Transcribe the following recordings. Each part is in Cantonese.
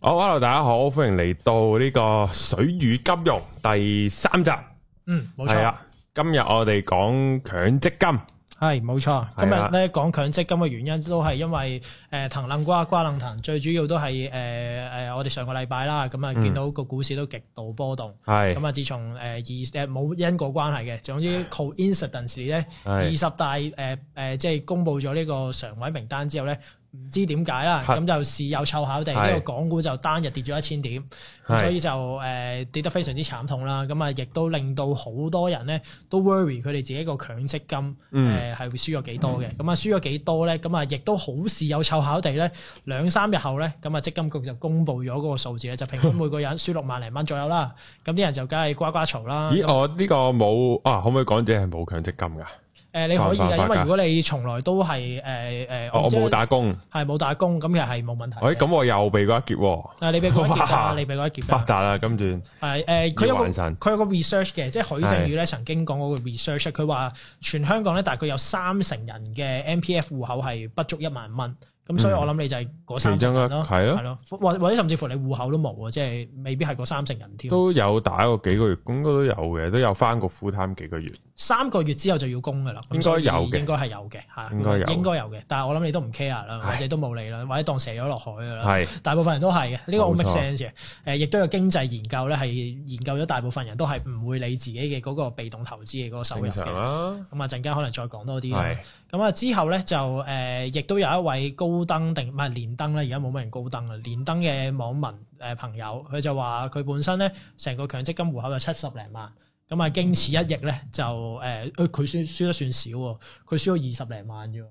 好，hello，大家好，歡迎嚟到呢個水與金融第三集。嗯，冇錯。今日我哋講強積金，係冇錯。今日咧講強積金嘅原因，都係因為誒藤掕瓜瓜掕藤，最主要都係誒誒，我哋上個禮拜啦，咁啊見到個股市都極度波動。係咁啊，自從誒二誒冇因果關係嘅，總之 coincidence 咧，二十大誒誒，即係公布咗呢個常委名單之後咧。唔知點解啦，咁就事有湊巧地，呢是個港股就單日跌咗一千點，是所以就誒跌得非常之慘痛啦。咁啊，亦都令到好多人咧都 worry 佢哋自己個強積金誒係、嗯呃、會輸咗幾多嘅。咁啊、嗯，輸咗幾多咧？咁啊，亦都好事有湊巧地咧，兩三日後咧，咁啊，積金局就公布咗嗰個數字咧，就平均每個人輸六萬零蚊左右啦。咁啲 人就梗係呱呱嘈啦。咦？我呢個冇啊，可唔可以講者係冇強積金㗎？誒，你可以嘅，因為如果你從來都係誒誒，我冇打工，係冇打工，咁其實係冇問題。誒，咁我又避過一劫喎。啊，你避過一劫，你避過一劫。發達啦，今段。係誒，佢有佢有個 research 嘅，即係許正宇咧曾經講嗰個 research，佢話全香港咧，大概有三成人嘅 MPF 戶口係不足一萬蚊。咁所以我諗你就係嗰三成人咯，係咯，或或者甚至乎你戶口都冇啊，即係未必係嗰三成人添。都有打過幾個月，應該都有嘅，都有返過 full time 幾個月。三個月之後就要供嘅啦，應該有嘅，應該係有嘅，嚇，應該有，應該有嘅。但係我諗你都唔 care 啦，是或者都冇理啦，或者當蛇咗落海嘅啦。係是，大部分人都係嘅，呢個冇乜 sense 嘅。誒，亦都有經濟研究咧，係研究咗大部分人都係唔會理自己嘅嗰個被動投資嘅嗰個收入嘅。正常啦。咁啊，陣間可能再講多啲。咁啊是，之後咧就誒，亦、呃、都有一位高登定唔係連登咧，而家冇乜人高登啦，連登嘅網民誒朋友，佢就話佢本身咧，成個強積金戶口有七十零萬。咁啊，經此、嗯、一役咧，就誒，佢、欸、佢輸，輸得算少喎。佢輸咗二十零萬啫，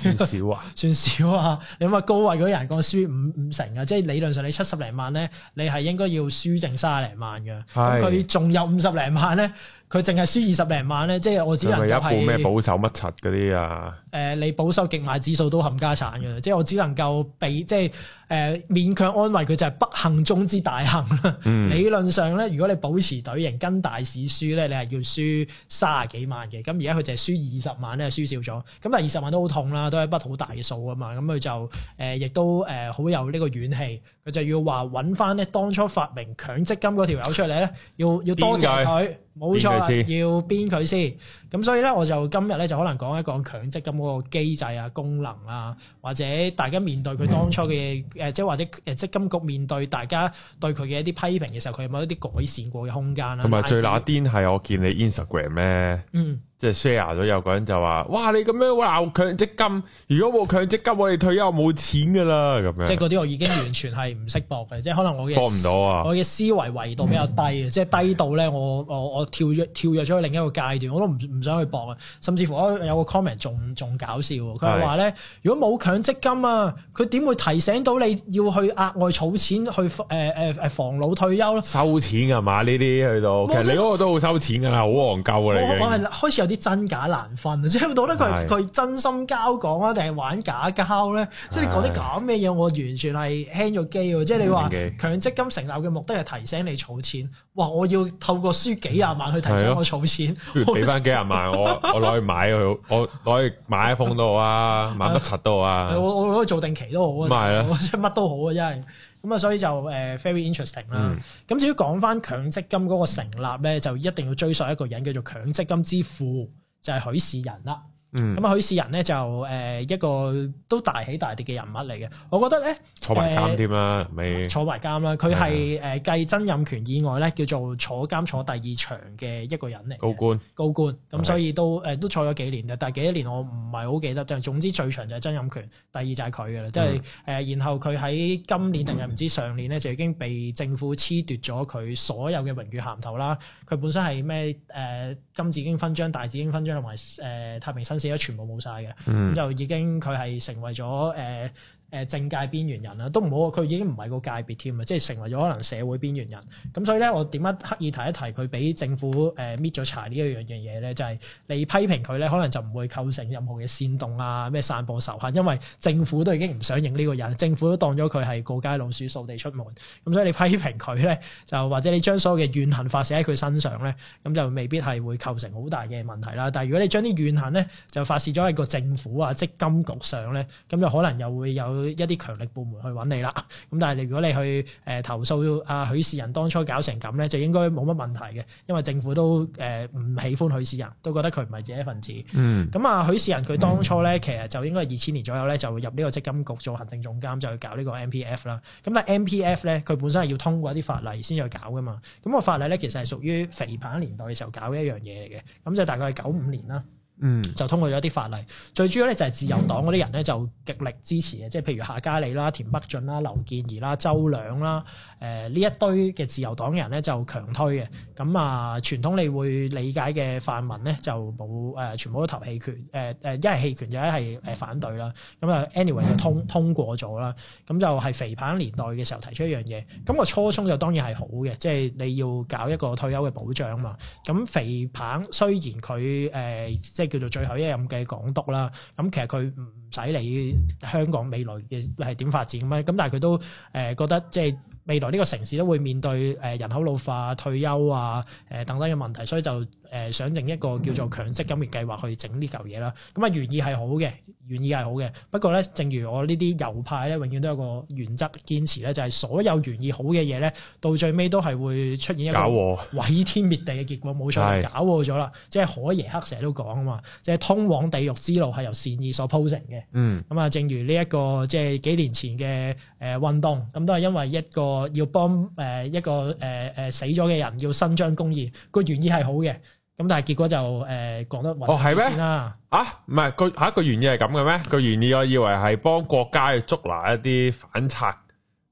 算少啊，算少啊，你諗下、 啊、高位嗰人個輸五五成啊，即係理論上你七十零萬咧，你係應該要輸剩卅零萬嘅，咁佢仲有五十零萬咧，佢淨係輸二十零萬咧，即係我只能夠係咪一部咩保守乜柒嗰啲啊，誒、呃，你保守極買指數都冚家產嘅，嗯、即係我只能夠俾即係。誒、呃、勉強安慰佢就係不幸中之大幸啦。嗯、理論上咧，如果你保持隊形跟大市輸咧，你係要輸卅幾萬嘅。咁而家佢就係輸二十萬咧，輸少咗。咁但二十萬都好痛啦，都係一筆好大嘅數啊嘛。咁佢就誒亦、呃、都誒好、呃、有呢個怨氣，佢就要話揾翻咧當初發明強積金嗰條友出嚟咧，要要多謝佢。冇他錯，要編佢先。咁所以咧，我就今日咧就可能講一講強積金嗰個機制啊、功能啊，或者大家面對佢當初嘅。嗯誒，即係或者誒，即金局面對大家對佢嘅一啲批評嘅時候，佢有冇一啲改善過嘅空間啦？同埋有、啊、最那癲係我見你 Instagram 咩？啊。嗯即係 share 咗有個人就話：，哇，你咁樣話強積金，如果冇強積金，我哋退休冇錢噶啦，咁樣。即係嗰啲我已經完全係唔識博嘅，即係可能我嘅博唔到啊！我嘅思維維度比較低嘅，嗯、即係低到咧的，我我我跳躍跳躍咗去另一個階段，我都唔唔想去博啊。甚至乎我有個 comment 仲仲搞笑，佢話咧：，的如果冇強積金啊，佢點會提醒到你要去額外儲錢去誒誒誒防老退休咯？收錢噶嘛呢啲去到，其實你嗰個都好收錢噶，好憨鳩嚟嘅。你有你開始啲真假難分，即係我覺得佢佢真心交講啊，定係玩假交咧？的即係你講啲咁咩嘢？我完全係 hang 咗機喎！機即係你話強積金成立嘅目的係提醒你儲錢，哇！我要透過輸幾廿萬去提醒我儲錢，俾翻幾廿萬我，我攞去買，我攞去買喺房都好啊，買乜柒都好啊？我我攞去做定期都好，啊，係啦，或者乜都好啊，真係。的咁啊，所以就誒、uh, very interesting 啦。咁、嗯、至於講翻強積金嗰個成立咧，就一定要追溯一個人叫做強積金之父，就係許仕仁啦。嗯，咁啊許仕仁咧就誒、呃、一個都大起大跌嘅人物嚟嘅，我覺得咧坐埋監添啦，未、呃、坐埋監啦，佢係誒繼曾蔭權以外咧叫做坐監坐第二長嘅一個人嚟，高官高官，咁官、嗯、所以都誒、呃、都坐咗幾年嘅，但係幾多年我唔係好記得，但係總之最長就係曾蔭權，第二就係佢噶啦，即係誒然後佢喺今年定係唔知上年咧、嗯、就已經被政府褫奪咗佢所有嘅榮譽銜頭啦，佢本身係咩誒金紫荊勳章、大紫荊勳章同埋誒太平紳。全部冇晒嘅，嗯，就已經，佢係成為咗誒，呃誒政界邊緣人啊，都唔好，佢已經唔係個界別添啊，即係成為咗可能社會邊緣人。咁所以咧，我點解刻意提一提佢俾政府誒搣咗柴呢一樣嘢咧？就係、是、你批評佢咧，可能就唔會構成任何嘅煽動啊，咩散播仇恨，因為政府都已經唔想認呢個人，政府都當咗佢係過街老鼠掃地出門。咁所以你批評佢咧，就或者你將所有嘅怨恨發泄喺佢身上咧，咁就未必係會構成好大嘅問題啦。但係如果你將啲怨恨咧，就發泄咗喺個政府啊、積金局上咧，咁就可能又會有。佢一啲強力部門去揾你啦，咁但係你如果你去誒、呃、投訴阿許仕仁當初搞成咁咧，就應該冇乜問題嘅，因為政府都誒唔、呃、喜歡許仕仁，都覺得佢唔係自己一份子。嗯，咁啊、嗯、許仕仁佢當初咧，其實就應該係二千年左右咧就入呢個積金局做行政總監，就去搞個呢個 M P F 啦。咁但係 M P F 咧，佢本身係要通過一啲法例先去搞噶嘛。咁個法例咧，其實係屬於肥彭年代嘅時候搞嘅一樣嘢嚟嘅。咁就大概係九五年啦。嗯，就通過咗一啲法例，最主要咧就係自由黨嗰啲人咧就極力支持嘅，即係、嗯、譬如夏佳理啦、田北俊啦、劉健儀啦、周梁啦。誒呢、呃、一堆嘅自由黨人咧就強推嘅，咁、嗯、啊傳統你會理解嘅泛民咧就冇誒、呃，全部都投棄權，誒、呃、誒一係棄權，就一係誒反對啦。咁、嗯、啊，Anyway 就通通過咗啦。咁、嗯、就係、是、肥彭年代嘅時候提出一樣嘢，咁、嗯、個初衷就當然係好嘅，即、就、係、是、你要搞一個退休嘅保障嘛。咁、嗯、肥彭雖然佢誒、呃、即係叫做最後一任嘅港督啦，咁、嗯、其實佢唔使理香港未來嘅係點發展咁樣，咁但係佢都誒、呃、覺得即係。未來呢個城市都會面對誒人口老化、退休啊、誒、等等嘅問題，所以就。誒想定一個叫做強積金嘅計劃去整呢嚿嘢啦，咁、嗯、啊原意係好嘅，原意係好嘅。不過咧，正如我呢啲右派咧，永遠都有一個原則堅持咧，就係、是、所有原意好嘅嘢咧，到最尾都係會出現一個毀天滅地嘅結果，冇瓦錯，搞錯咗啦。是即係海耶克成日都講啊嘛，即係通往地獄之路係由善意所鋪成嘅。嗯，咁啊，正如呢、這、一個即係幾年前嘅誒運動，咁都係因為一個要幫誒一個誒誒死咗嘅人要伸張公義，個原意係好嘅。咁但係結果就誒講得混亂先啦。啊，唔係佢下一個原意係咁嘅咩？佢原意我以為係幫國家去捉拿一啲反賊，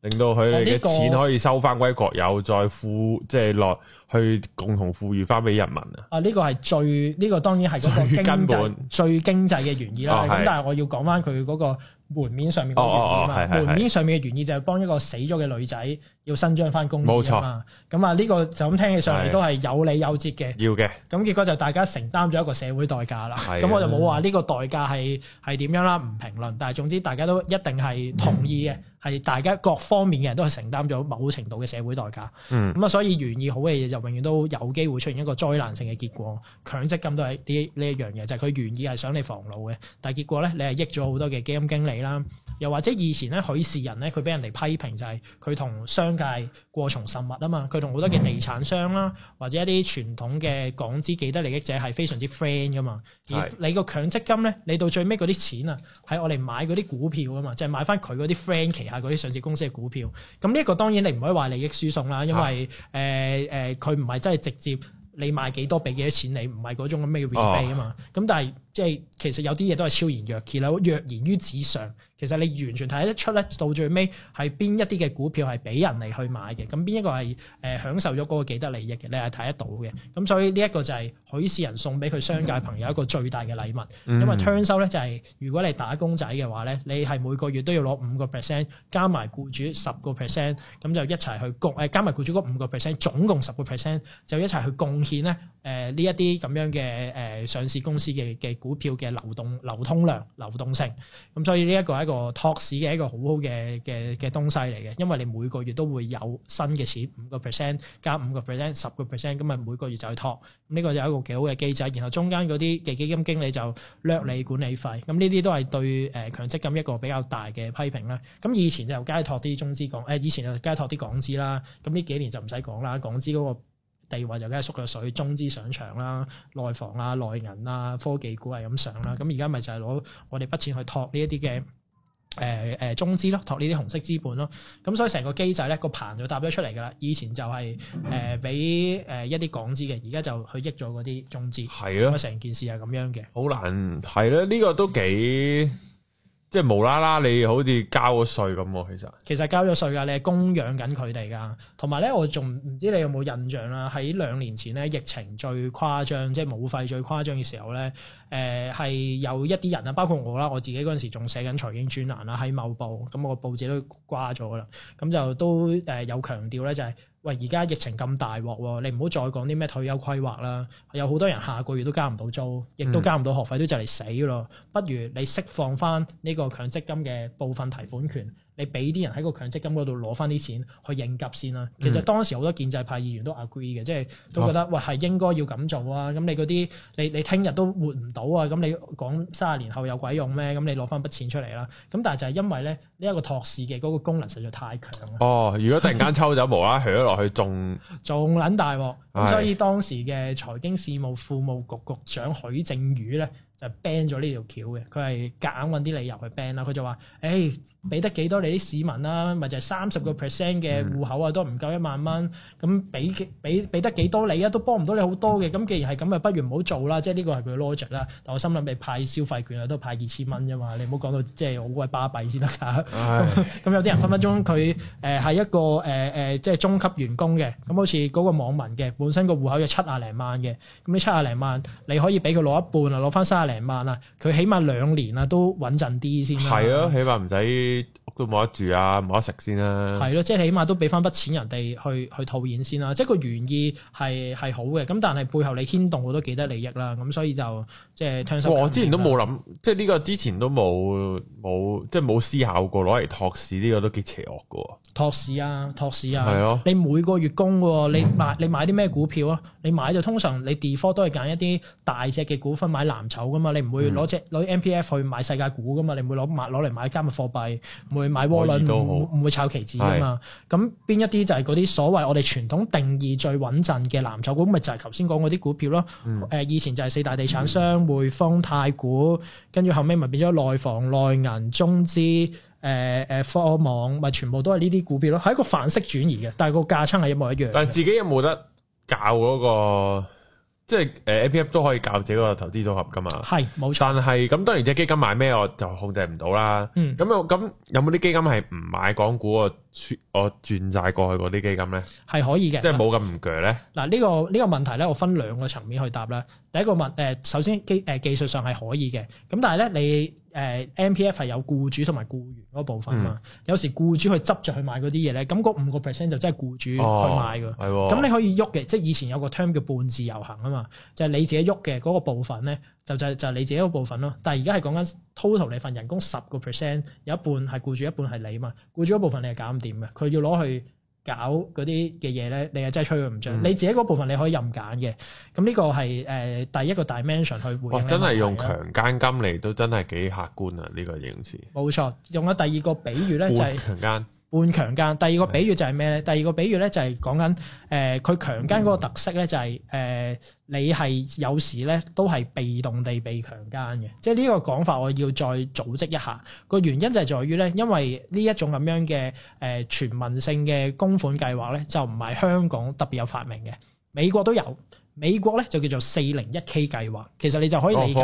令到佢哋嘅錢可以收翻歸國有，再富即係落去共同富裕翻俾人民啊。啊，呢個係最呢個當然係嗰個根本最經濟嘅原意啦。咁但係我要講翻佢嗰個。門面上面嘅原意啊，哦哦哦、門面上面嘅原意就係幫一個死咗嘅女仔要伸張翻公義啊咁啊，呢錯個就咁聽起上嚟都係有理有節嘅。要嘅的。咁結果就大家承擔咗一個社會代價啦。咁的我就冇話呢個代價係係點樣啦，唔評論。但係總之大家都一定係同意嘅，係、嗯、大家各方面嘅人都係承擔咗某程度嘅社會代價。咁啊、嗯，所以原意好嘅嘢就永遠都有機會出現一個災難性嘅結果。強積金都係呢呢一樣嘢，就係、是、佢原意係想你防老嘅，但係結果咧你係益咗好多嘅基金經理。啦，又或者以前咧，許仕仁，咧，佢俾人哋批評就係佢同商界過從甚密啊嘛，佢同好多嘅地產商啦、啊，或者一啲傳統嘅港資既得利益者係非常之 friend 噶嘛。而你個強積金咧，你到最尾嗰啲錢啊，係我哋買嗰啲股票啊嘛，就係、是、買翻佢嗰啲 friend 旗下嗰啲上市公司嘅股票。咁呢一個當然你唔可以話利益輸送啦，因為誒誒，佢唔係真係直接。你賣幾多俾幾多錢？你唔係嗰種咩 rebate 啊嘛，咁但係即係其實有啲嘢都係超然若揭啦，若然於紙上。其實你完全睇得出咧，到最尾係邊一啲嘅股票係俾人嚟去買嘅，咁邊一個係誒享受咗嗰個既得利益嘅？你係睇得到嘅。咁所以呢一個就係許仕仁送俾佢商界朋友一個最大嘅禮物，因為 turn 收咧就係如果你打工仔嘅話咧，你係每個月都要攞五個 percent，加埋僱主十個 percent，咁就一齊去共誒加埋僱主嗰五個 percent，總共十個 percent 就一齊去貢獻咧誒呢一啲咁樣嘅誒上市公司嘅嘅股票嘅流動流通量流動性。咁所以呢一個係一個托市嘅一個好好嘅嘅嘅東西嚟嘅，因為你每個月都會有新嘅錢，五個 percent 加五個 percent 十個 percent，咁啊每個月就去托，呢、這個就有一個幾好嘅機制。然後中間嗰啲嘅基金經理就掠你管理費，咁呢啲都係對誒、呃、強積金一個比較大嘅批評啦。咁以前就梗係托啲中資港誒、呃，以前就梗係托啲港資啦。咁呢幾年就唔使講啦，港資嗰個地位就梗係縮咗水，中資上場啦，內房啦、內銀啦、科技股係咁上啦。咁而家咪就係攞我哋筆錢去托呢一啲嘅。誒誒、呃呃、中資咯，托呢啲紅色資本咯，咁、嗯、所以成個機制咧、那個棚就搭咗出嚟噶啦。以前就係誒俾誒一啲港資嘅，而家就去益咗嗰啲中資，咁成、嗯、件事係咁樣嘅。好難係啦，呢、這個都幾。即係無啦啦，你好似交咗稅咁喎，其實。其實交咗稅㗎，你係供養緊佢哋㗎，同埋咧，我仲唔知你有冇印象啦。喺兩年前咧，疫情最誇張，即係武肺最誇張嘅時候咧，誒、呃、係有一啲人啦，包括我啦，我自己嗰陣時仲寫緊財經專欄啦，喺《某報》，咁我個報紙都瓜咗啦，咁就都誒有強調咧、就係，就係。喂，而家疫情咁大鑊喎，你唔好再講啲咩退休規劃啦，有好多人下個月都交唔到租，亦都交唔到學費，都就嚟死咯，不如你釋放翻呢個強積金嘅部分提款權。你俾啲人喺個強積金嗰度攞翻啲錢去應急先啦。其實當時好多建制派議員都 agree 嘅，即係都覺得喂係應該要咁做啊。咁你嗰啲你你聽日都活唔到啊。咁你講三廿年三十年後有鬼用咩？咁你攞翻筆錢出嚟啦。咁但係就係因為咧呢一個託市嘅嗰個功能實在太強啦。哦，如果突然間抽走無啦啦，起咗落去仲仲撚大喎。咁所以當時嘅財經事務副務局局長許正宇咧，就 ban 咗呢條橋嘅，佢係夾硬揾啲理由去 ban 啦。佢就話，誒、欸、俾得幾多你啲市民啦、啊？咪就係三十個 percent 嘅戶口啊，都唔夠一萬蚊。咁俾俾俾得幾多你啊？都幫唔到你好多嘅。咁既然係咁啊，不如唔好做啦。即係呢個係佢嘅 logic 啦。但我心諗，你派消費券啊，都派二千蚊啫嘛。你唔好講到即係好鬼巴閉先得㗎。咁的 有啲人分分鐘佢誒係一個誒誒、呃呃，即係中級員工嘅。咁好似嗰個網民嘅，本身個戶口有七廿零萬嘅。咁你七廿零萬你可以俾佢攞一半啊，攞翻三零萬啊，佢起碼兩年啊，都穩陣啲先係咯，起碼唔使屋都冇得住啊，冇得食先啦、啊。係咯、啊，即係起碼都俾翻筆錢人哋去去套現先啦、啊。即係個原意係係好嘅，咁但係背後你牽動好多幾多利益啦、啊。咁所以就即係、啊哦。我之前都冇諗，即係呢個之前都冇冇即係冇思考過攞嚟托市呢個都幾邪惡噶、啊。托市啊，托市啊，係咯、啊。你每個月供、啊，你買、嗯、你買啲咩股票啊？你買就通常你 default 都係揀一啲大隻嘅股份買藍籌。啊嘛，你唔會攞只攞 MPF 去買世界股㗎嘛，你唔會攞買攞嚟買加密貨幣，唔會買窩輪，唔會炒期指㗎嘛。咁邊是一啲就係嗰啲所謂我哋傳統定義最穩陣嘅藍籌股，咁咪就係頭先講嗰啲股票咯。誒、嗯，以前就係四大地產商、匯豐、嗯、太古，跟住後尾咪變咗內房、內銀、中資、誒誒科網，咪、就是、全部都係呢啲股票咯。係一個範式轉移嘅，但係個價差係一模一樣。但係自己有冇得搞嗰個？即係誒，MPF 都可以搞自己個投資組合噶嘛，係冇錯。但係咁當然，隻基金買咩我就控制唔到啦。嗯，咁又咁有冇啲基金係唔買港股我轉我轉債過去嗰啲基金咧？係可以嘅，即係冇咁唔鋸。咧嗱呢個呢個問題咧，我分兩個層面去答啦。第一個問誒，首先基誒技術上係可以嘅，咁但係咧你。誒 M P F 係有雇主同埋雇員嗰部分啊嘛，嗯、有時雇主去執着去買嗰啲嘢咧，咁嗰五個 percent 就真係雇主去買㗎，係咁、哦、你可以喐嘅，嗯、即係以前有個 term 叫半自由行啊嘛，就係、是、你自己喐嘅嗰個部分咧，就就就係你自己嗰部分咯。但係而家係講緊 total 你份人工十個 percent 有一半係雇主，一半係你啊嘛，雇主嗰部分你係搞唔掂嘅，佢要攞去，搞嗰啲嘅嘢咧，你係真係吹佢唔盡。嗯、你自己嗰部分你可以任揀嘅，咁呢個係誒第一個 dimension 去回應、哦、真係用強奸金嚟都真係幾客觀啊！呢、這個形容詞。冇錯，用咗第二個比喻咧、就是，就係強奸。半強奸，第二個比喻就係咩咧？第二個比喻咧就係講緊誒，佢、呃、強奸嗰個特色咧就係、是、誒、呃，你係有時咧都係被動地被強奸嘅。即係呢個講法，我要再組織一下個原因就係在於咧，因為呢一種咁樣嘅誒、呃、全民性嘅供款計劃咧，就唔係香港特別有發明嘅，美國都有。美國咧就叫做四零一 K 計劃，其實你就可以理解，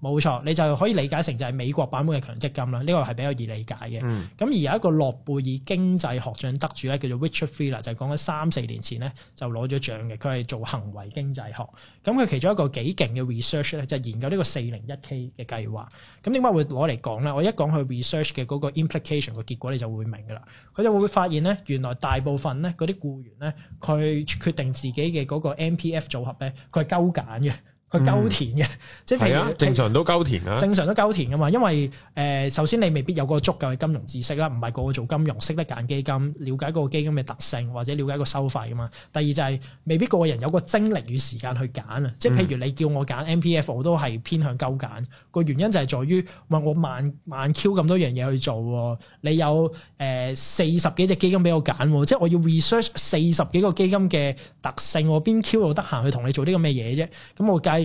冇、哦、錯，你就可以理解成就係美國版本嘅強積金啦。呢個係比較易理解嘅。咁、嗯、而有一個諾貝爾經濟學獎得主咧，叫做 Richard Thaler，就係講喺三四年前咧就攞咗獎嘅。佢係做行為經濟學，咁佢其中一個幾勁嘅 research 咧，就研究呢個四零一 K 嘅計劃。咁點解會攞嚟講咧？我一講佢 research 嘅嗰個 implication 個結果，你就會明噶啦。佢就會發現咧，原來大部分咧嗰啲僱員咧，佢決定自己嘅嗰個 MPF 組合咧，佢係勾揀嘅。佢鳩填嘅，嗯、即係譬如正常都鳩填啊。正常都鳩填噶嘛。因為誒、呃，首先你未必有嗰個足夠嘅金融知識啦，唔係個個做金融識得揀基金，了解嗰個基金嘅特性或者了解個收費噶嘛。第二就係、是、未必個個人有個精力與時間去揀啊。即係譬如你叫我揀 MPF，我都係偏向鳩揀。個、嗯、原因就係在於，喂，我萬萬 Q 咁多樣嘢去做，你有誒四十幾隻基金俾我揀，即係我要 research 四十幾個基金嘅特性，我邊 Q 到得閒去同你做啲咁嘅嘢啫？咁我計。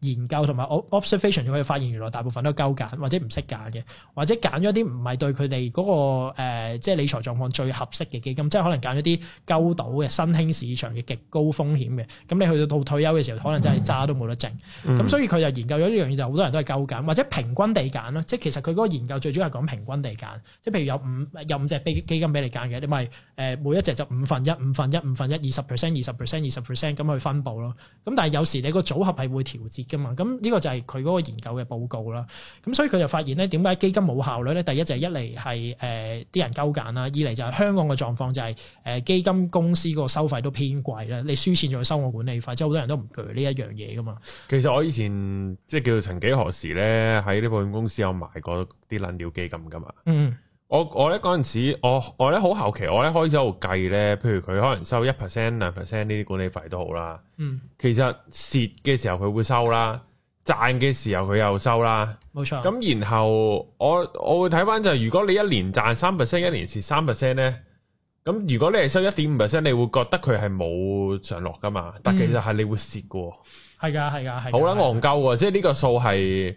研究同埋 observation 可以發現，原來大部分都係鳩揀或者唔識揀嘅，或者揀咗啲唔係對佢哋嗰個、呃、即係理財狀況最合適嘅基金，即係可能揀咗啲鳩到嘅新興市場嘅極高風險嘅，咁你去到到退休嘅時候，可能真係渣都冇得剩。咁所以佢就研究咗呢樣嘢，就好多人都係鳩揀或者平均地揀咯。即係其實佢嗰個研究最主要係講平均地揀，即係譬如有五有五隻基金俾你揀嘅，你咪誒每一隻就五分一、五分一、五分一、二十 percent、二十 percent、二十 percent 咁去分佈咯。咁但係有時你個組合係會調節。嘅嘛，咁呢個就係佢嗰個研究嘅報告啦。咁所以佢就發現咧，點解基金冇效率咧？第一就係一嚟係誒啲人鳩揀啦，二嚟就係香港嘅狀況就係誒基金公司個收費都偏貴啦。你輸錢仲要收我管理費，即係好多人都唔攰呢一樣嘢噶嘛。其實我以前即係叫做曾幾何時咧，喺啲保險公司有買過啲濫尿基金噶嘛。嗯。我我咧嗰陣時，我我咧好後期，我咧開始喺度計咧。譬如佢可能收一 percent、兩 percent 呢啲管理費都好啦。嗯，其實蝕嘅時候佢會收啦，賺嘅時候佢又收啦。冇錯。咁然後我我會睇翻就係如果你一年賺三 percent，一年蝕三 percent 咧，咁如果你係收一點五 percent，你會覺得佢係冇上落噶嘛？但、嗯、其實係你會蝕嘅。係噶、嗯，係噶，係。好撚，戇鳩喎，即係呢個數係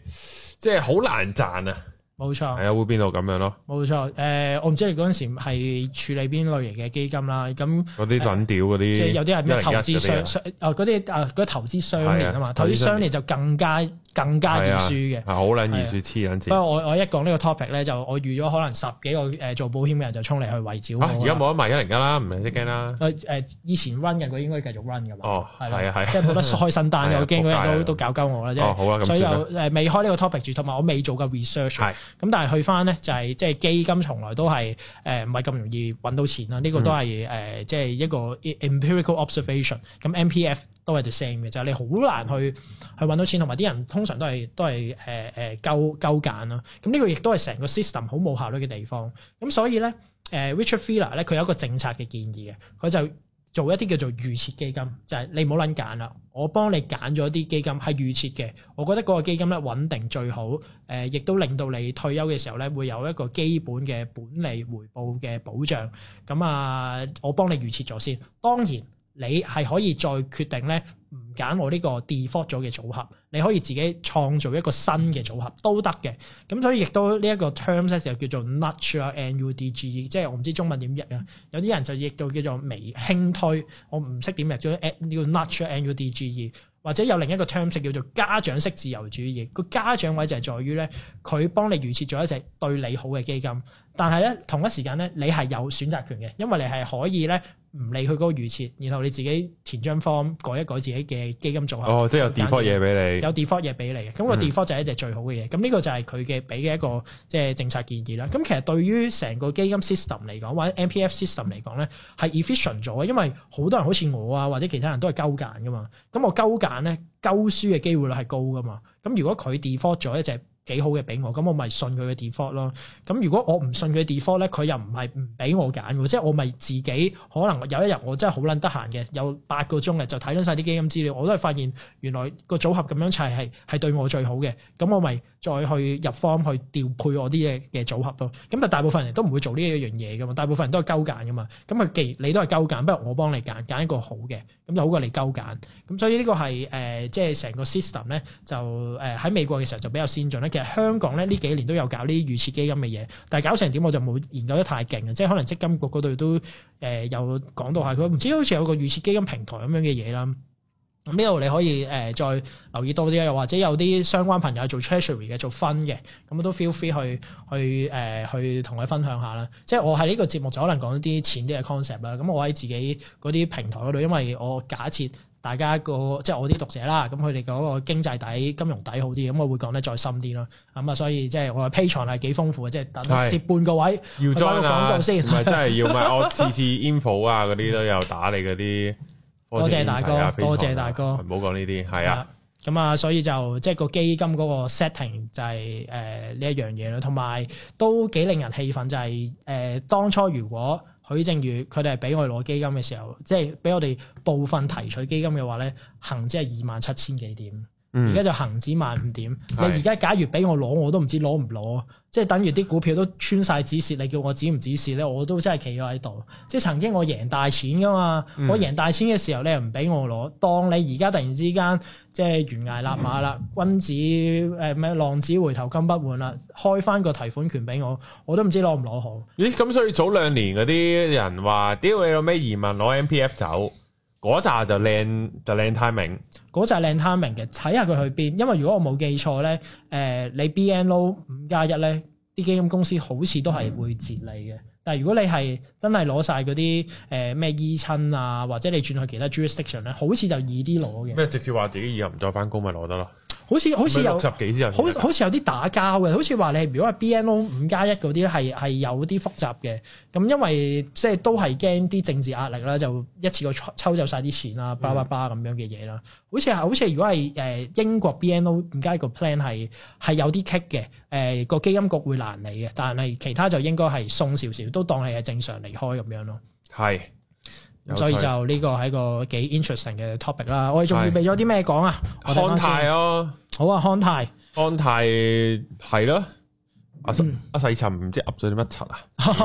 即係好難賺啊！冇錯，係啊，會變到咁樣咯。冇錯，誒，我唔知你嗰陣時係處理邊類型嘅基金啦。咁嗰啲準屌嗰啲，即係有啲係咩投資商啊？嗰啲啊，嗰啲投資商業啊嘛，的投資商業就更加。更加易輸嘅，好撚易輸黐撚線。呀不過我我一講呢個 topic 咧，就我預咗可能十幾個誒做保險嘅人就衝嚟去圍剿我。而家冇得賣一零一啦，唔使驚啦。誒以前 run 嘅佢應該繼續 run 㗎嘛。哦、oh, 了，係啊係，即係冇得開新單，我驚嗰人都都搞鳩我啦，即哦，好啊，咁所以誒未開個的呢個 topic 住，同埋我未做嘅 research。咁但係去翻咧就係即係基金從來都係誒唔係咁容易揾到錢啦。呢、呢個都係誒即係一個 empirical observation。咁 M P F，都係 the same 嘅，就係你好難去去揾到錢，同埋啲人通常都係都係誒誒，勾勾揀啦。咁呢個亦都係成個 system 好冇效率嘅地方。咁所以咧，誒、呃、Richard Filer 咧，佢有一個政策嘅建議嘅，佢就做一啲叫做預設基金，就係你唔好撚揀啦，我幫你揀咗啲基金係預設嘅。我覺得嗰個基金咧穩定最好，誒、呃，亦都令到你退休嘅時候咧會有一個基本嘅本利回報嘅保障。咁啊，我幫你預設咗先。當然。你係可以再決定咧，唔揀我呢個 default 咗嘅組合，你可以自己創造一個新嘅組合都得嘅。咁所以亦都呢一個 terms 就叫做 nudge 啦，nudge 即係我唔知中文點譯啊。有啲人就譯到叫做微輕推，我唔識點譯，叫 nudge nudge 或者有另一個 terms 叫做家長式自由主義。個家長位就係在於咧，佢幫你預設咗一隻對你好嘅基金。但係咧，同一時間咧，你係有選擇權嘅，因為你係可以咧唔理佢嗰個預設，然後你自己填張 form 改一改自己嘅基金組合。哦，即係有 default 嘢俾你，有 default 嘢俾你嘅。咁個 default 就係一隻最好嘅嘢。咁呢個就係佢嘅俾嘅一個即係政策建議啦。咁其實對於成個基金 system 嚟講，或者 MPF system 嚟講咧，係 efficient 咗嘅，因為好多人好似我啊，或者其他人都係勾揀噶嘛。咁我勾揀咧，勾輸嘅機會率係高噶嘛。咁如果佢 default 咗一隻。幾好嘅俾我，咁我咪信佢嘅 default 咯。咁如果我唔信佢嘅 default 咧，佢又唔係唔俾我揀嘅，即係我咪自己可能有一日我真係好撚得閒嘅，有八個鐘嘅就睇撚晒啲基金資料，我都係發現原來個組合咁樣齊係係對我最好嘅。咁我咪再去入方去調配我啲嘢嘅組合咯。咁但大部分人都唔會做呢一樣嘢嘅嘛，大部分人都係勾揀嘅嘛。咁啊，既你都係勾揀，不如我幫你揀揀一個好嘅，咁就好過你勾揀。咁所以呢個係誒、呃，即係成個 system 咧，就誒喺、呃、美國嘅時候就比較先進咧。其實香港咧呢幾年都有搞啲預設基金嘅嘢，但係搞成點我就冇研究得太勁啊！即係可能積金局嗰度都誒又講到下，佢唔知好似有個預設基金平台咁樣嘅嘢啦。咁呢度你可以誒、呃、再留意多啲啊！又或者有啲相關朋友做 treasury 嘅做 fund 嘅，咁我都 feel free 去去誒、呃、去同佢分享下啦。即係我喺呢個節目就可能講啲淺啲嘅 concept 啦。咁我喺自己嗰啲平台嗰度，因為我假設，大家個即係我啲讀者啦，咁佢哋嗰個經濟底、金融底底好啲，咁我會講得再深啲咯。咁啊，所以即係我嘅 Patreon 係幾豐富嘅，即係是等蝦蝕半個位。要再啊，廣告先，唔係真係要咪？ 我次次 info 啊嗰啲都有打你嗰啲。多謝大哥，Instagram, 多謝大哥。唔好講呢啲，係啊。咁啊，所以就即係個基金嗰個 setting 就係誒呢一樣嘢啦。同埋都幾令人氣憤就係、是、誒、呃、當初如果。許正宇，佢哋係俾我哋攞基金嘅時候，即係俾我哋部分提取基金嘅話咧，行即係二萬七千幾點。而家、嗯、就恆指萬五點，的你而家假如俾我攞，我都唔知攞唔攞，即係等於啲股票都穿晒止蝕，你叫我止唔止蝕咧，我都真係企咗喺度。即係曾經我贏大錢噶嘛，我贏大錢嘅時候你又唔俾我攞。當你而家突然之間即係懸崖勒馬啦，嗯、君子誒咩、呃、浪子回頭金不換啦，開翻個提款權俾我，我都唔知攞唔攞好。咦？咁所以早兩年嗰啲人話屌你有咩移民攞 M P F 走。嗰扎就靚就靚 timing，嗰扎係靚 timing 嘅，睇下佢去邊。因為如果我冇記錯咧，誒、呃、你 BNO 五加一咧，啲基金公司好似都係會接你嘅。嗯、但係如果你係真係攞晒嗰啲誒咩依親啊，或者你轉去其他 jurisdiction 咧，好似就易啲攞嘅。咩直接話自己以後唔再返工咪攞得咯？好似好似有十幾之後，好似有啲打交嘅，好似話你如果係 BNO 五加一嗰啲咧，係係有啲複雜嘅，咁因為即係都係驚啲政治壓力啦，就一次過抽走晒啲錢啦，叭叭叭咁樣嘅嘢啦，好似好似如果係誒英國 BNO 五加一個 plan 係係有啲棘嘅，誒、欸、個基金局會攔你嘅，但係其他就應該係鬆少少，都當係係正常離開咁樣咯。係，所以就個一個是呢個係個幾 interesting 嘅 topic 啦。是我哋仲預備咗啲咩講啊？康泰咯。好啊，康泰，康泰係咯。阿阿世塵唔知噏咗啲乜塵啊，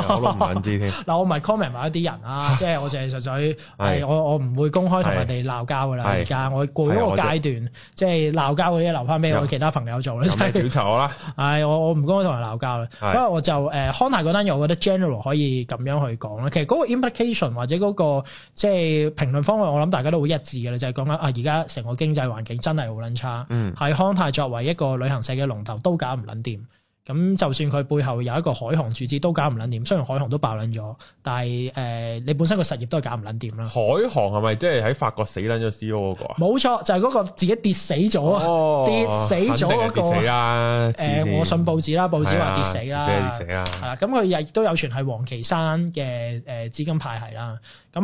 我都唔想知添。嗱，我唔係 comment 埋一啲人啊，即係我淨係純粹係我我唔會公開同人哋鬧交噶啦。而家我過咗個階段，即係鬧交嗰啲留翻俾我其他朋友做啦。少嘈啦，係我我唔公開同人鬧交啦。不過我就誒康泰嗰單嘢，我覺得 general 可以咁樣去講啦。其實嗰個 implication 或者嗰個即係評論方向，我諗大家都好一致嘅啦，就係講緊啊而家成個經濟環境真係好卵差。嗯，喺康泰作為一個旅行社嘅龍頭，都搞唔卵掂。咁就算佢背後有一個海航注資都搞唔撚掂，雖然海航都爆撚咗，但係誒、呃、你本身個實業都係搞唔撚掂啦。海航係咪即係喺法國死撚咗 CEO 嗰個啊？冇錯，就係、是、嗰個自己跌死咗，哦、跌死咗嗰、那個。死啦、啊！誒、呃，我信報紙啦，報紙話跌死啦。係、啊、跌死啦、啊！係啦、嗯，咁佢亦都有傳係王岐山嘅誒、呃、資金派系啦。咁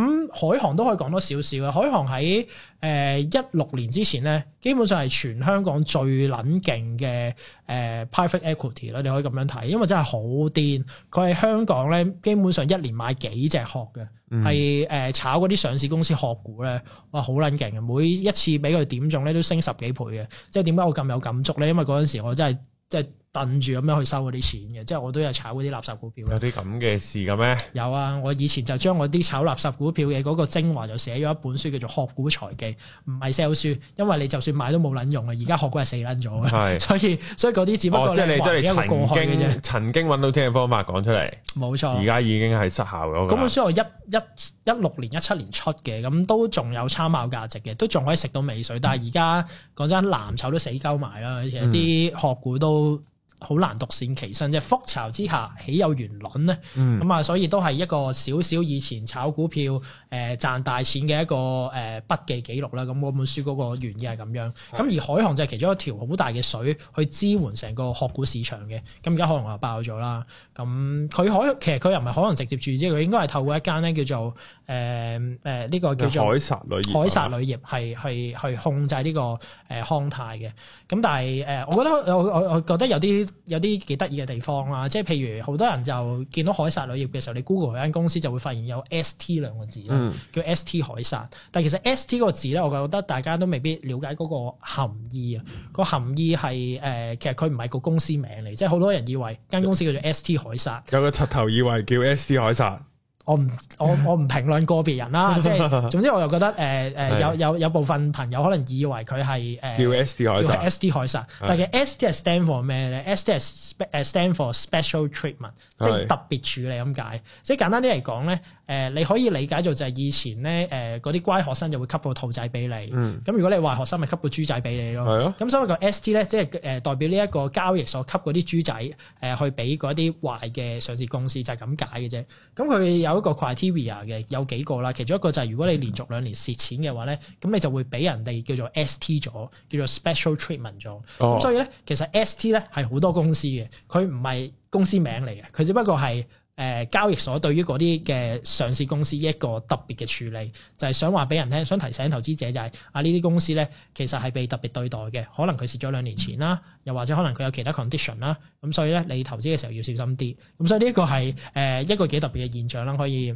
海航都可以講多少少啊？海航喺誒一六年之前咧，基本上係全香港最撚勁嘅誒 private equity 啦，你可以咁樣睇，因為真係好癲。佢喺香港咧，基本上一年買幾隻殼嘅，係誒、mm hmm. uh, 炒嗰啲上市公司殼股咧，哇好撚勁嘅。每一次俾佢點中咧，都升十幾倍嘅。即係點解我咁有感觸咧？因為嗰陣時我真係即係。掟住咁樣去收嗰啲錢嘅，即係我都有炒嗰啲垃圾股票。有啲咁嘅事嘅咩？有啊，我以前就將我啲炒垃圾股票嘅嗰個精華就寫咗一本書，叫做《學股財技》，唔係 sell 書，因為你就算買都冇撚用啊。而家學股係死撚咗嘅，所以所以嗰啲只不過係、哦、是一個過去嘅啫。曾經揾到嘅方法講出嚟，冇錯。而家已經係失效咗。嗰本書我一一一六年、一七年出嘅，咁都仲有參考價值嘅，都仲可以食到尾水。嗯、但係而家講真，藍籌都死鳩埋啦，其實啲學股都～、嗯好難獨善其身即係，覆巢之下，豈有完卵咧？咁、嗯、啊，所以都係一個少少以前炒股票誒、呃、賺大錢嘅一個誒、呃、筆記記錄啦。咁、嗯、我本書嗰個原意係咁樣。咁、嗯、而海航就係其中一條好大嘅水，去支援成個殼股市場嘅。咁而家海航又爆咗啦。咁、嗯、佢海其實佢又唔係可能直接注資，佢應該係透過一間咧叫做誒誒呢個叫做海鴿旅海鴿旅業係係、啊、去控制呢、這個誒康泰嘅。咁、呃呃、但係誒、呃，我覺得我覺得我覺得有啲。有啲幾得意嘅地方啦，即係譬如好多人就見到凱撒旅業嘅時候，你 Google 嗰間公司就會發現有 ST 兩個字啦，嗯、叫 ST 凱撒。但係其實 ST 個字咧，我覺得大家都未必了解嗰個含義啊。那個含義係誒，其實佢唔係個公司名嚟，即係好多人以為間公司叫做 ST 凱撒。有個柒頭以為叫 ST 凱撒。我唔我我唔評論個別人啦，即係、 就是、總之我又覺得誒誒、呃、有有有部分朋友可能以為佢係誒叫 SD S D 海叫 S D 海神，但係 S T stand for 咩咧？S T stand for special treatment，即係特別處理咁解。即係的簡單啲嚟講咧，誒你可以理解做就係以前咧誒嗰啲乖學生就會吸個兔仔俾你，咁、嗯、如果你壞學生咪吸個豬仔俾你咯。係啊的，咁所以個 S T 咧即係誒代表呢一個交易所吸嗰啲豬仔誒去俾嗰啲壞嘅上市公司就係咁解嘅啫。咁佢有。一個 criteria 嘅有幾個啦，其中一個就係如果你連續兩年蝕錢嘅話咧，咁你就會俾人哋叫做 ST 咗，叫做 special treatment 咗。咁、哦、所以咧，其實 ST 咧係好多公司嘅，佢唔係公司名嚟嘅，佢只不過係。誒、呃、交易所對於嗰啲嘅上市公司一個特別嘅處理，就係、是、想話俾人聽，想提醒投資者就係、是、啊呢啲公司咧，其實係被特別對待嘅，可能佢蝕咗兩年前啦，又或者可能佢有其他 condition 啦，咁所以咧你投資嘅時候要小心啲。咁所以呢、呃、一個係誒一個幾特別嘅現象啦，可以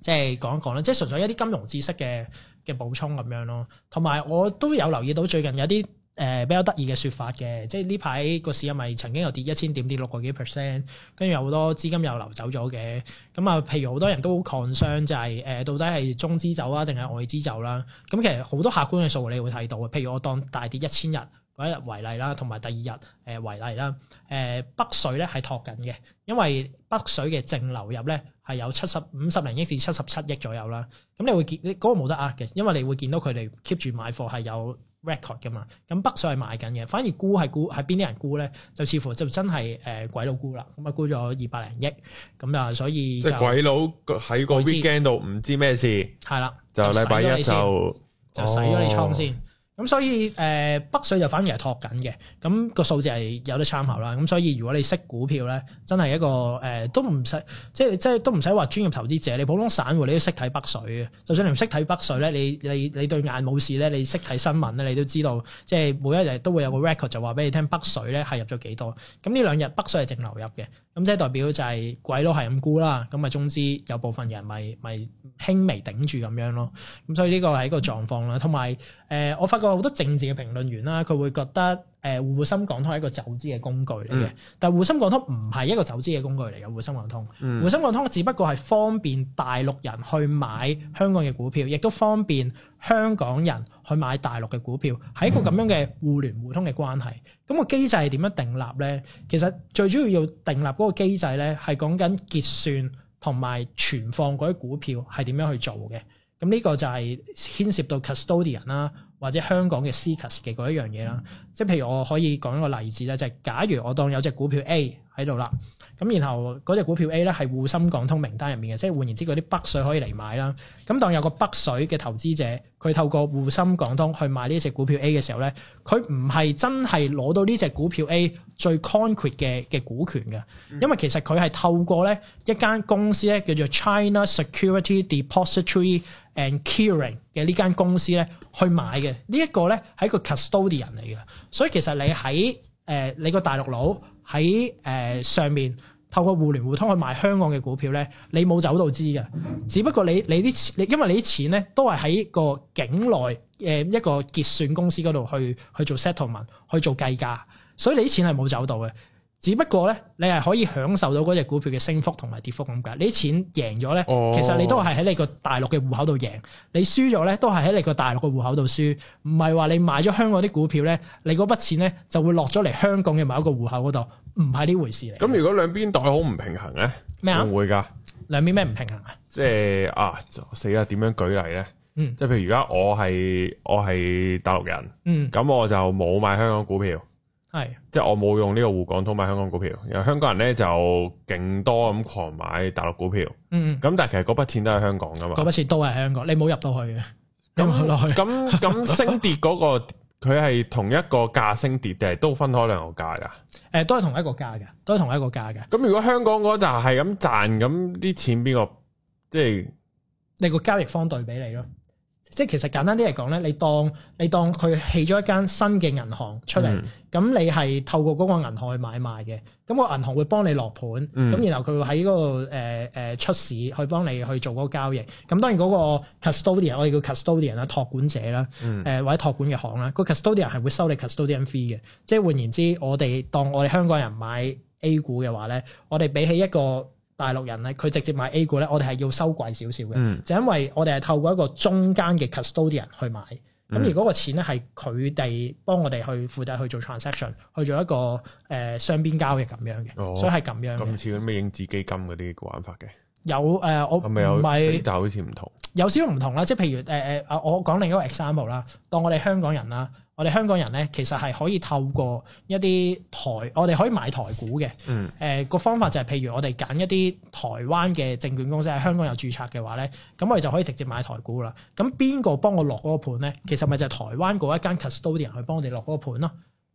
即係講一講啦，即係純粹一啲金融知識嘅嘅補充咁樣咯。同埋我都有留意到最近有啲。誒、呃、比較得意嘅說法嘅，即係呢排個市係咪曾經又跌一千點，跌六個幾 percent，跟住有好多資金又流走咗嘅。咁、嗯、啊，譬如好多人都好抗雙，就係誒到底係中資走啊，定係外資走啦、啊？咁、嗯、其實好多客觀嘅數，你會睇到嘅。譬如我當大跌一千日嗰一日為例啦，同埋第二日誒為例啦，誒、呃、北水咧係托緊嘅，因為北水嘅淨流入咧係有七十五十零億至七十七億左右啦。咁、嗯、你會見你嗰個冇得呃嘅，因為你會見到佢哋 keep 住買貨係有。record 噶嘛，咁北上係賣緊嘅，反而沽係沽，係邊啲人沽咧？就似乎就真係誒鬼佬沽啦，咁啊沽咗二百零億，咁啊所以即係鬼佬喺個 weekend 度唔知咩事，係啦，就禮拜一就就洗咗你倉先。哦咁所以誒、呃、北水就反而係托緊嘅，咁、那個數字係有得參考啦。咁所以如果你識股票咧，真係一個誒、呃、都唔使，即係即係都唔使話專業投資者，你普通散戶你都識睇北水嘅。就算你唔識睇北水咧，你你你對眼冇事咧，你識睇新聞咧，你都知道，即係每一日都會有個 record 就話俾你聽，北水咧係入咗幾多。咁呢兩日北水係淨流入嘅，咁即係代表就係鬼佬係咁沽啦，咁啊中資，有部分人咪咪輕微頂住咁樣咯。咁所以呢個係一個狀況啦，同埋。誒，我發覺好多政治嘅評論員啦，佢會覺得誒，滬、呃、深港通係一個走資嘅工具嚟嘅，嗯、但係滬深港通唔係一個走資嘅工具嚟嘅，滬深港通，滬深、嗯、港通只不過係方便大陸人去買香港嘅股票，亦都方便香港人去買大陸嘅股票，係一個咁樣嘅互聯互通嘅關係。咁、那個機制係點樣訂立咧？其實最主要要訂立嗰個機制咧，係講緊結算同埋存放嗰啲股票係點樣去做嘅。咁呢個就係牽涉到 custodian 啦，或者香港嘅 CCASS 嘅嗰一樣嘢啦。即係譬如我可以講一個例子咧，就係、是、假如我當有隻股票 A。喺度啦，咁然後嗰隻、那個、股票 A 咧係滬深港通名單入面嘅，即係換言之，嗰啲北水可以嚟買啦。咁當有個北水嘅投資者，佢透過滬深港通去買呢隻股票 A 嘅時候咧，佢唔係真係攞到呢隻股票 A 最 concrete 嘅嘅股權噶，因為其實佢係透過咧一間公司咧叫做 China Security Depository and Clearing 嘅呢間公司咧去買嘅。這個、呢一個咧係一個 custodian 嚟嘅，所以其實你喺誒、呃、你個大陸佬。喺誒、呃、上面透過互聯互通去賣香港嘅股票咧，你冇走到資嘅。只不過你你啲錢，因為你啲錢咧都係喺個境內誒，一個結算公司嗰度去去做 settlement，去做計價，所以你啲錢係冇走到嘅。只不過咧，你係可以享受到嗰隻股票嘅升幅同埋跌幅咁解。你啲錢贏咗咧，其實你都係喺你個大陸嘅戶口度贏；你輸咗咧，都係喺你個大陸嘅戶口度輸。唔係話你買咗香港啲股票咧，你嗰筆錢咧就會落咗嚟香港嘅某一個戶口嗰度，唔係呢回事嚟。咁如果兩邊袋好唔平衡咧，咩啊？唔會噶。兩邊咩唔平衡啊？即係啊，死啦！點樣舉例咧？嗯，即係譬如而家我係我係大陸人，嗯，咁我就冇買香港股票。係，是即係我冇用呢個滬港通買香港股票，因為香港人咧就勁多咁狂買大陸股票。嗯，咁但係其實嗰筆錢都喺香港噶嘛？嗰筆錢都係香港，你冇入到去嘅。咁落去。咁咁升跌嗰、那個，佢係 同一個價升跌定係都分開兩個價噶？誒、嗯，都係同一個價嘅，都係同一個價嘅。咁如果香港嗰陣係咁賺，咁啲錢邊個即係？你個交易方對俾你咯。即係其實簡單啲嚟講咧，你當你當佢起咗一間新嘅銀行出嚟，咁、嗯、你係透過嗰個銀行去買賣嘅，咁個銀行會幫你落盤，咁、嗯、然後佢會喺嗰、那個誒、呃、出市去幫你去做嗰個交易。咁當然嗰個 custodian，我哋叫 custodian 啦，託管者啦，誒、嗯、或者託管嘅行啦，個 custodian 係會收你 custodian fee 嘅。即係換言之，我哋當我哋香港人買 A 股嘅話咧，我哋比起一個，大陸人咧，佢直接買 A 股咧，我哋係要收貴少少嘅，就、嗯、因為我哋係透過一個中間嘅 custodian 去買，咁、嗯、而嗰個錢咧係佢哋幫我哋去負責去做 transaction，去做一個誒、呃、雙邊交易咁樣嘅，哦、所以係咁樣。咁似咩影子基金嗰啲玩法嘅？有誒、呃，我咪有，比但好似唔同，有少少唔同啦。即係譬如誒誒、呃，我講另一個 example 啦。當我哋香港人啦，我哋香港人咧，其實係可以透過一啲台，我哋可以買台股嘅。誒個、嗯呃、方法就係譬如我哋揀一啲台灣嘅證券公司喺香港有註冊嘅話咧，咁我哋就可以直接買台股啦。咁邊個幫我落嗰個盤咧？其實咪就係台灣嗰一間 custodian 去幫我哋落嗰個盤咯。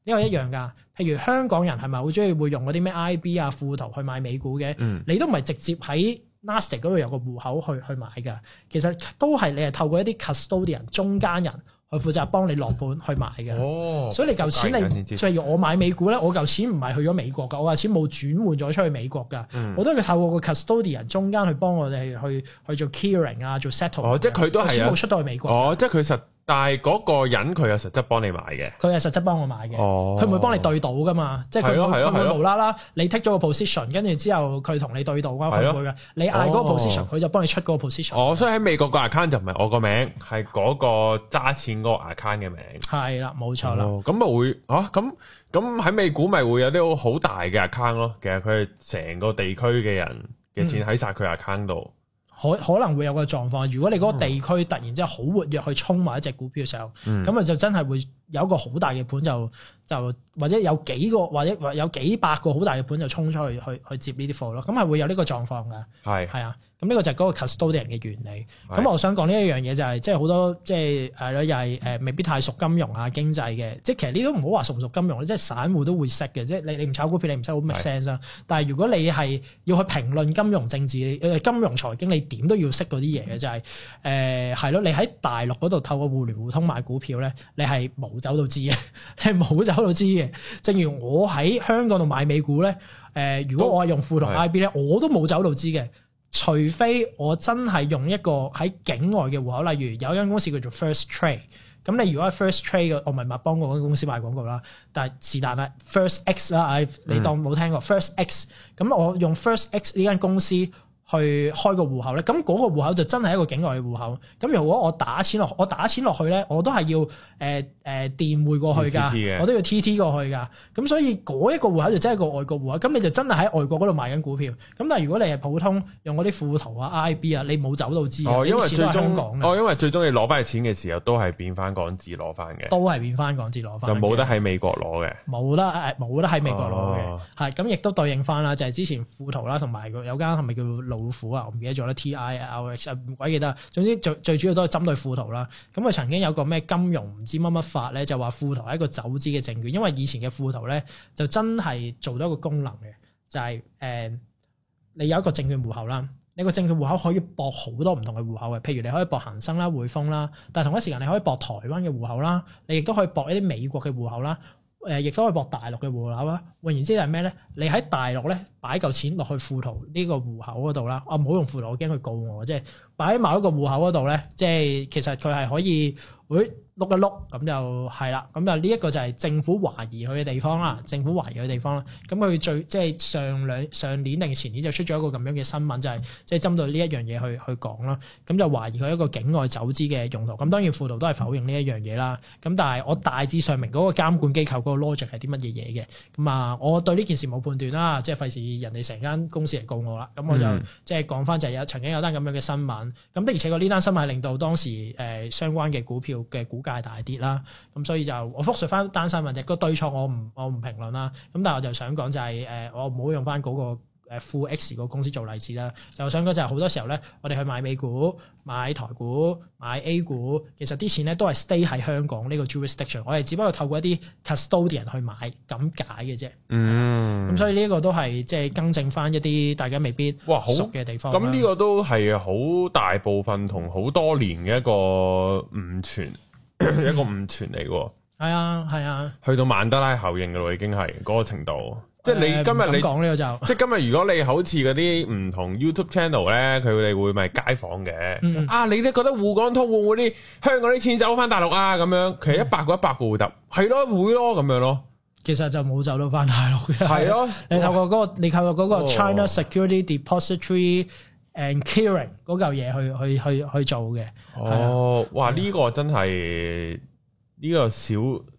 呢、呢個一樣噶。譬如香港人係咪好中意會用嗰啲咩 IB 啊富途去買美股嘅？嗯、你都唔係直接喺 Nasdaq 嗰度有個戶口去去買嘅，其實都係你係透過一啲 custodian 中間人去負責幫你落盤去買嘅。哦，所以你嚿錢你，即譬如我買美股咧，我嚿錢唔係去咗美國噶，我嘅錢冇轉換咗出去美國噶。嗯、我都係透過個 custodian 中間去幫我哋去去做 clearing 啊，做 settle。即係佢都係冇出到去美國。哦，即係佢、啊哦、實。但係嗰個人佢有實質幫你買嘅，佢係實質幫我買嘅。哦，佢唔會幫你對賭㗎嘛？即係佢，佢會無啦啦，你剔咗個 position，跟住之後佢同你對賭㗎，佢唔會嘅。你嗌嗰個 position，佢就幫你出嗰個 position。哦，所以喺美國個 account 就唔係我個名，係嗰個揸錢嗰個 account 嘅名。係啦，冇錯啦。咁咪會啊？咁咁喺美股咪會有啲好大嘅 account 咯。其實佢係成個地區嘅人嘅錢喺晒佢 account 度。可可能會有個狀況，如果你嗰個地區突然之間好活躍去衝埋一隻股票嘅時候，咁啊、嗯、就真係會。有個好大嘅盤就就或者有幾個或者或有幾百個好大嘅盤就衝出去去去接呢啲貨咯，咁係會有呢個狀況㗎。係係是啊，咁呢個就係嗰個 custodian 嘅原理。咁是我想講呢一樣嘢就係、是，即係好多即係係咯，又係誒，未必太熟金融啊經濟嘅。即係其實呢都唔好話熟唔熟金融即係散戶都會識嘅。即係你你唔炒股票你唔識好 make sense 啊？是但係如果你係要去評論金融政治、呃、金融財經，你點都要識嗰啲嘢嘅就係誒係咯。你喺大陸嗰度透過互聯互通買股票咧，你係冇。冇走到知嘅，你冇走到知嘅。正如我喺香港度買美股咧，誒、呃，如果我係用富同 IB 咧都，我都冇走到知嘅。除非我真係用一個喺境外嘅戶口，例如有間公司叫做 First Trade，咁你如果係 First Trade 嘅，我咪咪幫嗰間公司賣廣告啦。但係是但啦，First X 啦，你當冇聽過、嗯、First X，咁我用 First X 呢間公司。去開個戶口咧，咁嗰個戶口就真係一個境外嘅戶口。咁如果我打錢落，我打錢落去咧，我都係要誒誒、呃呃、電匯過去㗎，我都要 T T 過去㗎。咁所以嗰一個戶口就真係一個外國戶口。咁你就真係喺外國嗰度賣緊股票。咁但係如果你係普通用嗰啲富途啊、IB 啊，你冇走到資、哦。哦，因為最終哦，因為最終你攞翻嘅錢嘅時候都係變翻港紙攞翻嘅，都係變翻港紙攞翻，就冇得喺美國攞嘅，冇得，冇得喺美國攞嘅，係咁亦都對應翻啦，就係、是、之前富途啦，同埋有間係咪叫？老虎啊，我唔記得咗啦，T I 啊，唔鬼記得。總之最最主要都係針對富途啦。咁佢曾經有個咩金融唔知乜乜法咧，就話富途係一個走資嘅證券，因為以前嘅富途咧就真係做到一個功能嘅，就係、是、誒、呃、你有一個證券戶口啦，你個證券戶口可以駁好多唔同嘅戶口嘅，譬如你可以駁恒生啦、匯豐啦，但係同一時間你可以駁台灣嘅戶口啦，你亦都可以駁一啲美國嘅戶口啦。誒，亦都、呃、可以博大陸嘅戶口啦。換言之就係咩咧？你喺大陸咧擺嚿錢落去富途呢個戶口嗰度啦。啊，唔好用富途，我驚佢告我。即係擺喺某一個戶口嗰度咧，即係其實佢係可以，會碌、哎、一碌，咁就係啦，咁就呢一個就係政府懷疑佢嘅地方啦，政府懷疑嘅地方啦。咁佢最即係、就是、上兩上年定前年就出咗一個咁樣嘅新聞，就係即係針對呢一樣嘢去去講啦。咁就懷疑佢一個境外走資嘅用途。咁當然輔導都係否認呢一樣嘢啦。咁但係我大致上明嗰個監管機構嗰個 logic 係啲乜嘢嘢嘅。咁啊，我對呢件事冇判斷啦，即係費事人哋成間公司嚟告我啦。咁我就即係講翻就係有曾經有單咁樣嘅新聞。咁的而且確呢單新聞係令到當時誒、呃、相關嘅股票嘅股價大跌啦，咁所以就我複述翻單新聞啫，那個對錯我唔我唔評論啦，咁但係我就想講就係、是、誒、呃，我唔好用翻、那、嗰個。誒負 X 個公司做例子啦，就想講就係好多時候咧，我哋去買美股、買台股、買 A 股，其實啲錢咧都係 stay 喺香港呢個 jurisdiction 我哋只不過透過一啲 custodian 去買咁解嘅啫。嗯，咁所以呢一個都係即係更正翻一啲大家未必哇好熟嘅地方。咁呢個都係好大部分同好多年嘅一個誤傳，嗯、一個誤傳嚟嘅。係啊，係啊，去到曼德拉效應嘅咯，已經係嗰、那個程度。即係你今日你，講呢個就，即係今日如果你好似嗰啲唔同 YouTube channel 咧，佢哋會咪街訪嘅。嗯嗯啊，你都覺得滬港通會唔會啲香港啲錢走翻大陸啊？咁樣其實一百個一百個會得，係咯會咯咁樣咯。其實就冇走到翻大陸。係咯，你透過個你透過、那個嗰個 China Security Depository and Clearing 嗰嚿嘢、哦、去去去去做嘅。哦，哇！呢、這個真係呢、嗯、個小。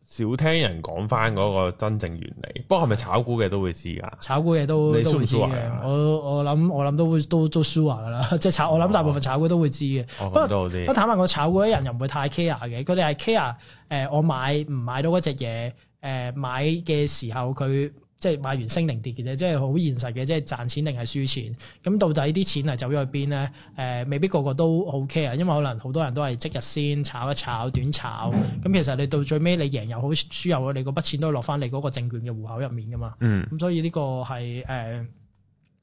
少聽人講翻嗰個真正原理。不過係咪炒股嘅都會知㗎？炒股嘅都都唔知嘅，我我諗我諗都都都輸啊啦，即係炒我諗大部分炒股都會知嘅。不過多啲。不過坦白講，炒股嘅人又唔會太 care 嘅，佢哋係 care 誒，我買唔買到嗰隻嘢誒，買嘅時候佢。即係買完升定跌嘅啫，即係好現實嘅，即係賺錢定係輸錢。咁到底啲錢係走咗去邊咧？誒、呃，未必個個都好 care，因為可能好多人都係即日先炒一炒短炒。咁其實你到最尾你贏又好，輸又好，你嗰筆錢都係落翻你嗰個證券嘅戶口入面噶嘛。嗯。咁所以呢個係誒。呃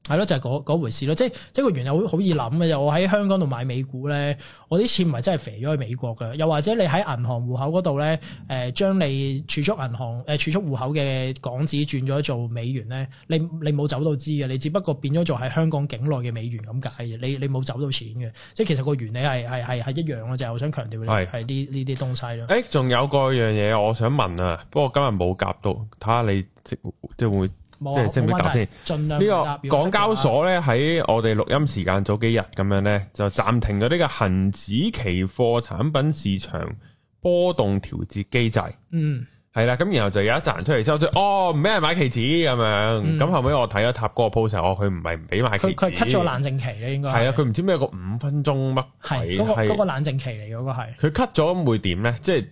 係咯、嗯，就係、是、嗰回事咯，即係即係個原理好好易諗嘅。就是、我喺香港度買美股咧，我啲錢唔係真係飛咗去美國嘅。又或者你喺銀行戶口嗰度咧，誒、呃，將你儲蓄銀行誒儲、呃、蓄戶口嘅港紙轉咗做美元咧，你你冇走到資嘅，你只不過變咗做喺香港境內嘅美元咁解嘅。你你冇走到錢嘅，即、就、係、是、其實個原理係係係係一樣嘅。就係我想強調咧，係呢呢啲東西咯。誒，仲有個樣嘢我想問啊，不過今日冇夾到，睇下你即即係會。即係先唔答先，呢個港交所咧，喺我哋錄音時間早幾日咁樣咧，就暫停咗呢個恒指期貨產品市場波動調節機制。嗯，係啦，咁然後就有一賺出嚟之後，就哦唔俾人買期指咁樣。咁、嗯、後尾我睇咗塔嗰個 post 時，佢唔係唔俾買期指，佢佢 cut 咗冷靜期咧，應該係啊，佢唔知咩個五分鐘乜鬼係嗰個冷靜期嚟嗰、嗰個係。佢 cut 咗會點咧？即係。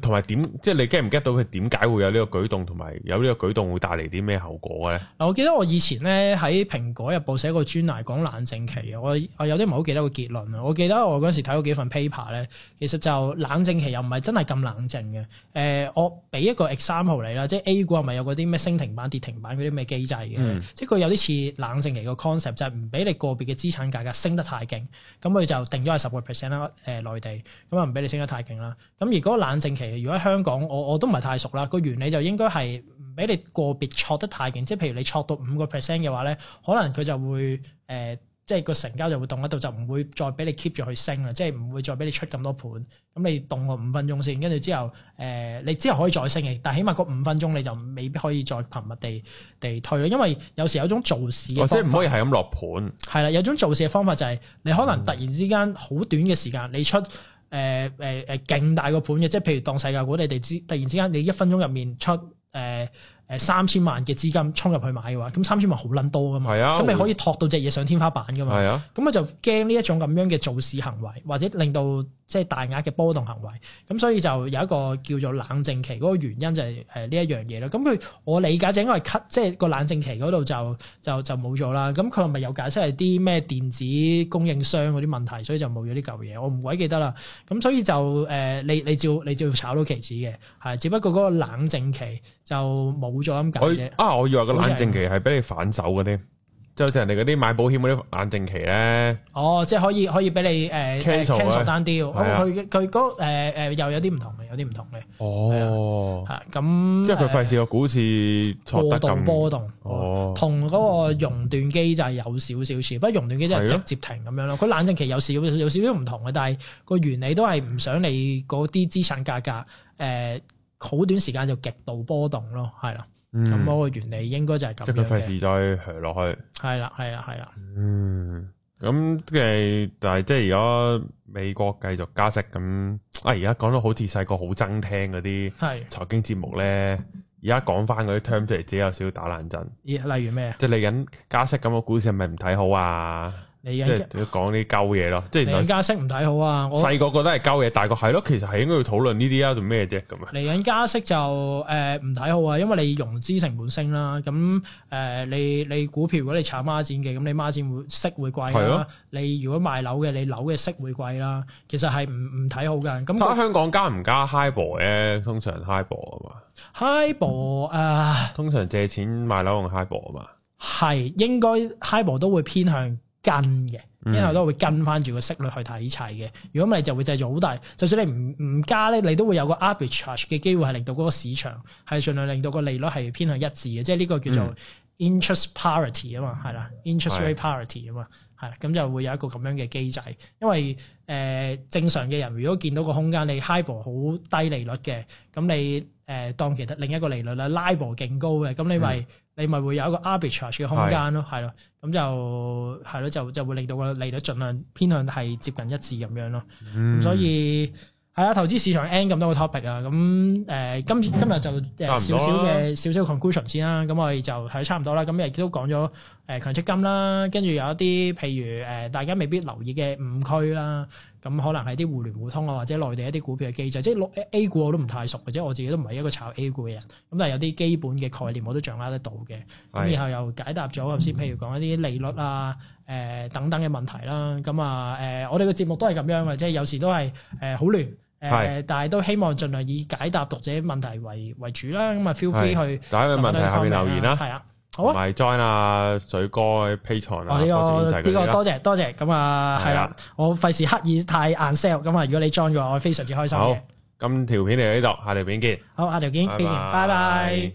同埋點，即係你 get 唔 get 到佢點解會有呢個舉動，同埋有呢個舉動會帶嚟啲咩後果咧？我記得我以前咧喺蘋果入邊寫個專欄，講冷靜期啊。我我有啲唔係好記得個結論啊。我記得我嗰時睇過幾份 paper 咧，其實就冷靜期又唔係真係咁冷靜嘅。誒、呃，我俾一個 example 你啦，即係 A 股係咪有嗰啲咩升停板、跌停板嗰啲咩機制嘅？嗯、即係佢有啲似冷靜期個 concept，就係唔俾你個別嘅資產價格升得太勁，咁佢就定咗係十個 percent 啦。誒，內、呃、地咁啊，唔俾你升得太勁啦。咁如果冷靜如果喺香港我我都唔係太熟啦，個原理就應該係唔俾你個別挫得太勁，即係譬如你挫到五個 percent 嘅話咧，可能佢就會誒、呃，即係個成交就會凍喺度，就唔會再俾你 keep 住去升啦，即係唔會再俾你出咁多盤，咁你凍個五分鐘先，跟住之後誒、呃，你之後可以再升嘅，但係起碼個五分鐘你就未必可以再頻密地地退咯，因為有時有種做市或者唔可以係咁落盤，係啦，有種做市嘅方法就係你可能突然之間好短嘅時間你出。誒誒誒，勁大個盤嘅，即係譬如當世界股，你哋知，突然之間，你一分鐘入面出誒誒、呃、三千萬嘅資金衝入去買嘅話，咁三千萬好撚多噶嘛，咁的你可以托到隻嘢上天花板噶嘛，咁的我就驚呢一種咁樣嘅造市行為，或者令到。即係大額嘅波動行為，咁所以就有一個叫做冷靜期，嗰個原因就係誒呢一樣嘢咯。咁佢我理解就應該係 cut，即係個冷靜期嗰度就就就冇咗啦。咁佢係咪有解釋係啲咩電子供應商嗰啲問題，所以就冇咗啲舊嘢？我唔鬼記得啦。咁所以就誒、呃，你你照你照炒到期指嘅，係只不過嗰個冷靜期就冇咗咁解啫。啊，我以為個冷靜期係俾你反手嗰啲。就係人哋嗰啲買保險嗰啲冷靜期咧，哦，即係可以可以俾你誒 cancel cancel 單啲，咁佢佢嗰誒又有啲唔同嘅，有啲唔同嘅。哦，係咁，嗯、即係佢費事個股市錯得咁遠。波動，同嗰、哦、個熔斷機制有少少似，不過熔斷機制係直接停咁樣咯。佢的冷靜期有少，少有少少唔同嘅，但係個原理都係唔想你嗰啲資產價格誒好、呃、短時間就極度波動咯，係啦。咁、嗯、我嘅原理應該就係咁嘅，即佢費事再蝦落去。係啦，係啦，係啦。嗯，咁嘅，嗯、但係即係如果美國繼續加息咁，啊而家講到好似細個好憎聽嗰啲係財經節目咧，而家講翻嗰啲 term 出嚟，自己有少少打冷震。例如咩啊？即係嚟緊加息咁嘅股市係咪唔睇好啊？你即係講啲鳩嘢咯，即係利率加息唔睇好啊！我細個覺得係鳩嘢，大個係咯，其實係應該要討論呢啲啊，做咩啫咁啊？利率加息就誒唔睇好啊，因為你融資成本升啦、啊，咁、嗯、誒、呃、你你股票如果你炒孖展嘅，咁你孖展會息會貴啦、啊。啊、你如果賣樓嘅，你樓嘅息會貴啦、啊。其實係唔唔睇好噶。咁、那個、香港加唔加 HIBOR 通常 HIBOR 啊嘛。HIBOR 通常借錢買樓用 HIBOR 啊嘛。係應該 HIBOR 都會偏向。跟嘅，因為都會跟翻住個息率去睇齊嘅。如果唔係就會製造好大，就算你唔唔加咧，你都會有個 arbitrage 嘅機會，係令到嗰個市場係盡量令到個利率係偏向一致嘅，即係呢個叫做 interest parity 啊嘛、嗯，係啦，interest rate parity 啊嘛，係啦的，咁就會有一個咁樣嘅機制。因為誒、呃、正常嘅人如果見到個空間，你 high bor 好低利率嘅，咁你誒、呃、當其他另一個利率啦，low bor 勁高嘅，咁你咪、就是。嗯你咪會有一個 arbitrage 嘅空間咯，係咯是，咁就係咯，就就會令到個利率儘量偏向係接近一致咁樣咯。嗯、咁所以係啊，投資市場 n 咁多個 topic 啊，咁、呃、誒今今日就少少嘅少少 conclusion 先啦。咁我哋就睇差唔多啦。咁亦都講咗。誒強積金啦，跟住有一啲譬如誒，大家未必留意嘅誤區啦，咁可能係啲互聯互通啊，或者內地一啲股票嘅機制，即係 A 股我都唔太熟，或者我自己都唔係一個炒 A 股嘅人，咁但係有啲基本嘅概念我都掌握得到嘅。咁是然後又解答咗頭先，譬如講一啲利率啊、誒、嗯、等等嘅問題啦。咁啊誒，我哋嘅節目都係咁樣嘅，即係有時都係誒好亂，誒是但係都希望盡量以解答讀者問題為為主啦。咁啊是，feel free 是去解答嘅問題，考下面留言啦了。係啊。好啊，埋 join 啊，水哥 Patreon 啊，呢個呢個多謝多謝，咁啊係啦，我費事刻意太硬 sell，咁啊如果你 join 嘅話，我非常之開心嘅。好，咁條片嚟到呢度，下條片見。好，下條見，拜拜。